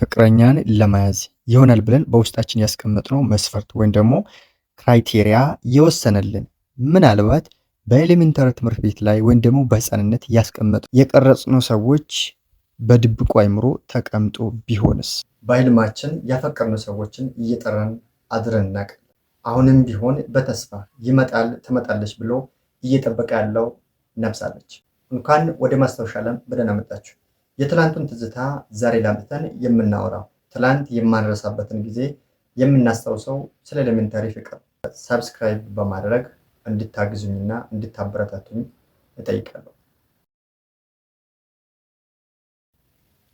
ፍቅረኛን ለመያዝ ይሆናል ብለን በውስጣችን ያስቀመጥነው መስፈርት ወይም ደግሞ ክራይቴሪያ የወሰነልን ምናልባት በኤሌሜንታሪ ትምህርት ቤት ላይ ወይም ደግሞ በህፃንነት ያስቀመጥ የቀረጽነው ሰዎች በድብቁ አይምሮ ተቀምጦ ቢሆንስ? በህልማችን ያፈቀርነው ሰዎችን እየጠራን አድረን እናቅ አሁንም ቢሆን በተስፋ ይመጣል ትመጣለች ብሎ እየጠበቀ ያለው ነፍሳለች። እንኳን ወደ ማስታወሻ ዓለም በደህና መጣችሁ። የትላንቱን ትዝታ ዛሬ ላምጥተን የምናወራው ትላንት የማንረሳበትን ጊዜ የምናስታውሰው ስለ ኤሌመንታሪ ፍቅር ሰብስክራይብ በማድረግ እንድታግዙኝና እንድታበረታቱኝ እጠይቃለሁ።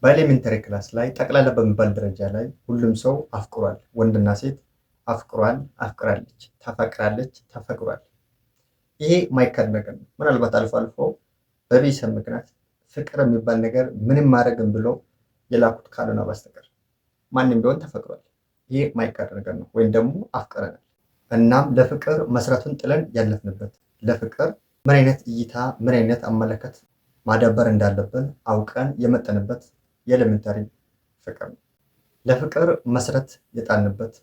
በኤሌመንታሪ ክላስ ላይ ጠቅላላ በሚባል ደረጃ ላይ ሁሉም ሰው አፍቅሯል። ወንድና ሴት አፍቅሯል፣ አፍቅራለች፣ ተፈቅራለች ተፈቅሯል። ይሄ ማይካድ ነገር ነው። ምናልባት አልፎ አልፎ በቤተሰብ ምክንያት ፍቅር የሚባል ነገር ምንም ማድረግም ብሎ የላኩት ካልሆነ በስተቀር ማንም ቢሆን ተፈቅሯል። ይህ ማይቀር ነገር ነው፣ ወይም ደግሞ አፍቅረናል። እናም ለፍቅር መሰረቱን ጥለን ያለፍንበት ለፍቅር ምን አይነት እይታ ምን አይነት አመለከት ማዳበር እንዳለብን አውቀን የመጠንበት የኤሌመንተሪ ፍቅር ነው። ለፍቅር መሰረት የጣልንበት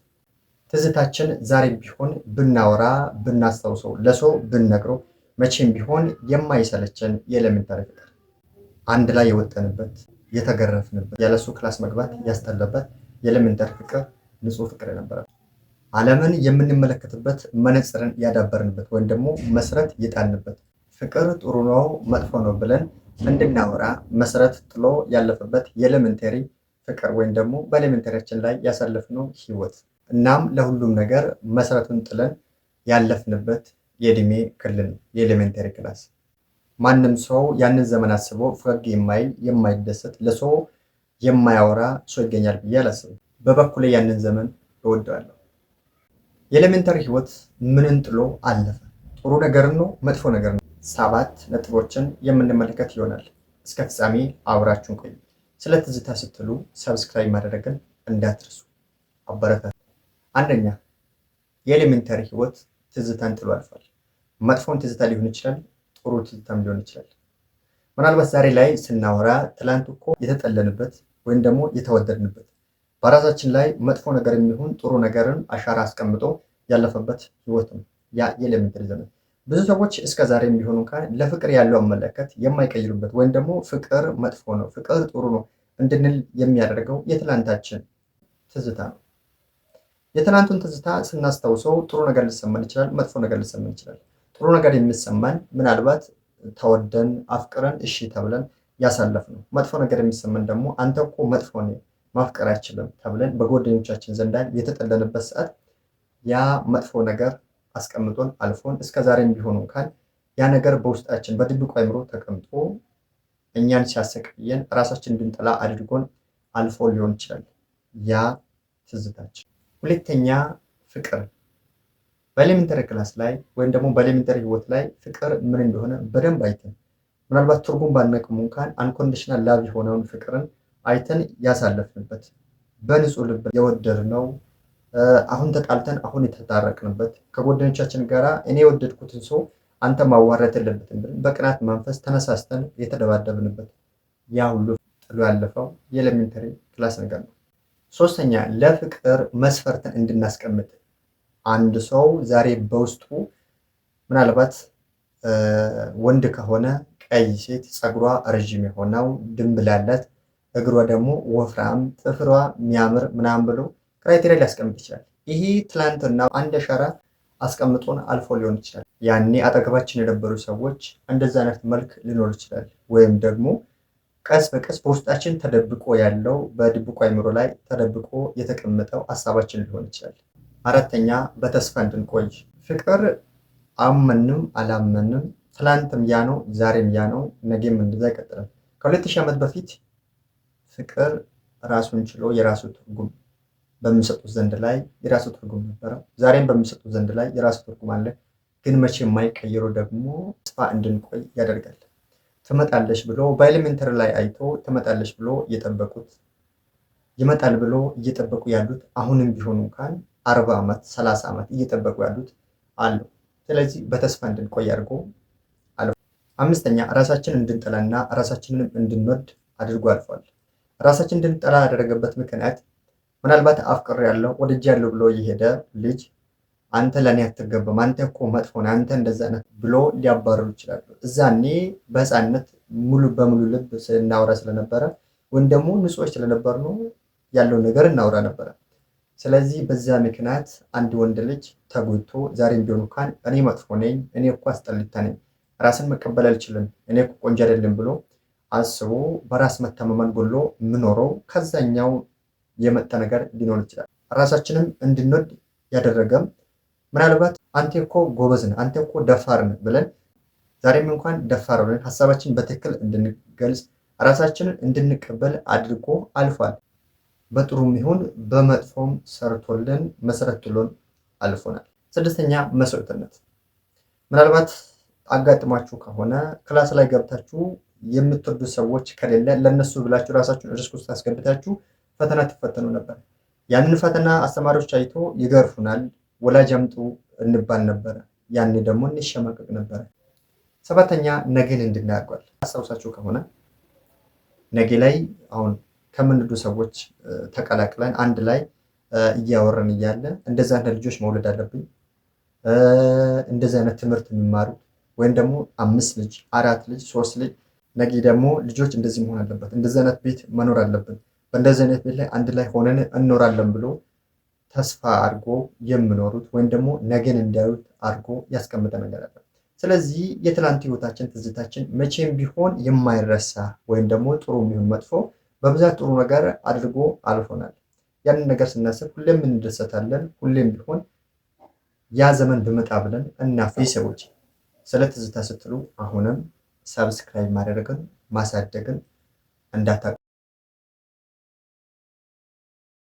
ትዝታችን ዛሬ ቢሆን ብናወራ ብናስታውሰው ለሰው ብንነግረው መቼም ቢሆን የማይሰለችን የኤሌመንተሪ ፍቅር አንድ ላይ የወጠንበት የተገረፍንበት ያለሱ ክላስ መግባት ያስጠለበት የኤሌመንተሪ ፍቅር ንጹህ ፍቅር የነበረ ዓለምን የምንመለከትበት መነጽርን ያዳበርንበት ወይም ደግሞ መሰረት የጣልንበት ፍቅር ጥሩ ነው መጥፎ ነው ብለን እንድናወራ መሰረት ጥሎ ያለፈበት የኤሌመንተሪ ፍቅር ወይም ደግሞ በኤሌመንተሪያችን ላይ ያሳለፍነው ህይወት እናም ለሁሉም ነገር መሰረቱን ጥለን ያለፍንበት የእድሜ ክልል የኤሌሜንተሪ ክላስ ማንም ሰው ያንን ዘመን አስቦ ፈገግ የማይል የማይደሰት ለሰው የማያወራ ሰው ይገኛል ብዬ አላስብም። በበኩሌ ያንን ዘመን እወደዋለሁ። የኤሌሜንተሪ ህይወት ምንን ጥሎ አለፈ? ጥሩ ነገር ነው፣ መጥፎ ነገር ነው? ሰባት ነጥቦችን የምንመለከት ይሆናል። እስከ ፍጻሜ አብራችሁን ቆዩ። ስለ ትዝታ ስትሉ ሰብስክራይብ ማድረግን እንዳትርሱ። አበረታት። አንደኛ የኤሌሜንተሪ ህይወት ትዝታን ጥሎ አልፏል። መጥፎን ትዝታ ሊሆን ይችላል ፕሮቲስታንት ሊሆን ይችላል። ምናልባት ዛሬ ላይ ስናወራ ትላንት እኮ የተጠለንበት ወይም ደግሞ የተወደድንበት በራሳችን ላይ መጥፎ ነገር የሚሆን ጥሩ ነገርን አሻራ አስቀምጦ ያለፈበት ህይወት ነው ያ ዘመን። ብዙ ሰዎች እስከ ዛሬ የሚሆኑ እንኳን ለፍቅር ያለው አመለከት የማይቀይሩበት ወይም ደግሞ ፍቅር መጥፎ ነው፣ ፍቅር ጥሩ ነው እንድንል የሚያደርገው የትላንታችን ትዝታ ነው። የትናንቱን ትዝታ ስናስታውሰው ጥሩ ነገር ሊሰማን ይችላል፣ መጥፎ ነገር ልሰማን ይችላል። ጥሩ ነገር የሚሰማን ምናልባት ተወደን አፍቅረን እሺ ተብለን ያሳለፍ ነው። መጥፎ ነገር የሚሰማን ደግሞ አንተ እኮ መጥፎ ነው ማፍቀር አይችልም ተብለን በጓደኞቻችን ዘንዳ የተጠለንበት ሰዓት ያ መጥፎ ነገር አስቀምጦን አልፎን እስከ ዛሬም ቢሆኑ እንኳን ያ ነገር በውስጣችን በድብቁ አይምሮ ተቀምጦ እኛን ሲያሰቅየን ራሳችን እንድንጠላ አድርጎን አልፎ ሊሆን ይችላል ያ ትዝታችን። ሁለተኛ ፍቅር በኤሌሜንተሪ ክላስ ላይ ወይም ደግሞ በኤሌሜንተሪ ህይወት ላይ ፍቅር ምን እንደሆነ በደንብ አይተን ምናልባት ትርጉም ባናውቅም እንኳን አንኮንዲሽናል ላቭ የሆነውን ፍቅርን አይተን ያሳለፍንበት በንጹህ ልብ የወደድነው አሁን ተጣልተን አሁን የተታረቅንበት ከጓደኞቻችን ጋራ እኔ የወደድኩትን ሰው አንተ ማዋረት የለበትም ብለን በቅናት መንፈስ ተነሳስተን የተደባደብንበት ያ ሁሉ ጥሎ ያለፈው የኤሌሜንተሪ ክላስ ነገር ነው። ሶስተኛ ለፍቅር መስፈርትን እንድናስቀምጥ አንድ ሰው ዛሬ በውስጡ ምናልባት ወንድ ከሆነ ቀይ ሴት ፀጉሯ ረዥም የሆነው ድንብ ላላት እግሯ ደግሞ ወፍራም ጥፍሯ የሚያምር ምናምን ብሎ ክራይቴሪያ ሊያስቀምጥ ይችላል። ይሄ ትላንትና አንድ አሻራ አስቀምጦን አልፎ ሊሆን ይችላል። ያኔ አጠገባችን የነበሩ ሰዎች እንደዛ አይነት መልክ ሊኖር ይችላል። ወይም ደግሞ ቀስ በቀስ በውስጣችን ተደብቆ ያለው በድብቁ አይምሮ ላይ ተደብቆ የተቀመጠው ሀሳባችን ሊሆን ይችላል። አራተኛ በተስፋ እንድንቆይ ፍቅር አመንም አላመንም ትላንትም ያ ነው፣ ዛሬም ያ ነው፣ ነገም እንደዛ ይቀጥላል። ከሁለት ሺህ ዓመት በፊት ፍቅር ራሱን ችሎ የራሱ ትርጉም በሚሰጡት ዘንድ ላይ የራሱ ትርጉም ነበረ። ዛሬም በሚሰጡት ዘንድ ላይ የራሱ ትርጉም አለ። ግን መቼ የማይቀይሩ ደግሞ ተስፋ እንድንቆይ ያደርጋል። ትመጣለች ብሎ በኤሌሜንተሪ ላይ አይቶ ትመጣለች ብሎ እየጠበቁት ይመጣል ብሎ እየጠበቁ ያሉት አሁንም ቢሆኑ እንኳን አርባ ዓመት ሰላሳ ዓመት እየጠበቁ ያሉት አሉ። ስለዚህ በተስፋ እንድንቆይ አድርጎ አልፏል። አምስተኛ ራሳችን እንድንጠላና ራሳችንንም እንድንወድ አድርጎ አልፏል። ራሳችን እንድንጠላ ያደረገበት ምክንያት ምናልባት አፍቅር ያለው ወደጅ ያለው ብሎ የሄደ ልጅ አንተ ለእኔ አትገባም፣ አንተ እኮ መጥፎ ነህ፣ አንተ እንደዛ አይነት ብሎ ሊያባረሩ ይችላሉ። እዛኔ በህፃነት ሙሉ በሙሉ ልብ ስናወራ ስለነበረ ወይም ደግሞ ንጹዎች ስለነበር ነው ያለውን ነገር እናውራ ነበረ። ስለዚህ በዛ ምክንያት አንድ ወንድ ልጅ ተጎድቶ ዛሬም ቢሆን እንኳን እኔ መጥፎ ነኝ፣ እኔ እኮ አስጠልታ ነኝ፣ ራስን መቀበል አልችልም፣ እኔ እኮ ቆንጆ አይደለም ብሎ አስቦ በራስ መተማመን ጎሎ ምኖረው ከዛኛው የመጣ ነገር ሊኖር ይችላል። ራሳችንም እንድንወድ ያደረገም ምናልባት አንቴ እኮ ጎበዝን አንቴ እኮ ደፋርን ብለን ዛሬም እንኳን ደፋር ብለን ሀሳባችን በትክክል እንድንገልጽ ራሳችንን እንድንቀበል አድርጎ አልፏል። በጥሩም ይሁን በመጥፎም ሰርቶልን መሰረት ትሎን አልፎናል። ስድስተኛ መስዋዕትነት። ምናልባት አጋጥሟችሁ ከሆነ ክላስ ላይ ገብታችሁ የምትወዱ ሰዎች ከሌለ ለእነሱ ብላችሁ ራሳችሁን ሪስክ ውስጥ አስገብታችሁ ፈተና ትፈተኑ ነበር። ያንን ፈተና አስተማሪዎች አይቶ ይገርፉናል፣ ወላጅ አምጡ እንባል ነበረ። ያኔ ደግሞ እንሸማቀቅ ነበረ። ሰባተኛ ነገን እንድናያጓል። አስታውሳችሁ ከሆነ ነገ ላይ አሁን ከምንዱ ሰዎች ተቀላቅለን አንድ ላይ እያወረን እያለ እንደዚህ አይነት ልጆች መውለድ አለብኝ፣ እንደዚህ አይነት ትምህርት የሚማሩት ወይም ደግሞ አምስት ልጅ አራት ልጅ ሶስት ልጅ ነገ ደግሞ ልጆች እንደዚህ መሆን አለበት፣ እንደዚህ አይነት ቤት መኖር አለብን፣ በእንደዚህ አይነት ቤት ላይ አንድ ላይ ሆነን እኖራለን ብሎ ተስፋ አድርጎ የሚኖሩት ወይም ደግሞ ነገን እንዲያዩት አድርጎ ያስቀመጠ ነገር አለ። ስለዚህ የትላንት ህይወታችን ትዝታችን መቼም ቢሆን የማይረሳ ወይም ደግሞ ጥሩ የሚሆን መጥፎ በብዛት ጥሩ ነገር አድርጎ አልፎናል። ያንን ነገር ስናስብ ሁሌም እንደሰታለን። ሁሌም ቢሆን ያ ዘመን ብመጣ ብለን እናፍ ሰዎች ስለ ትዝታ ስትሉ አሁንም ሰብስክራይብ ማድረግን ማሳደግን እንዳታ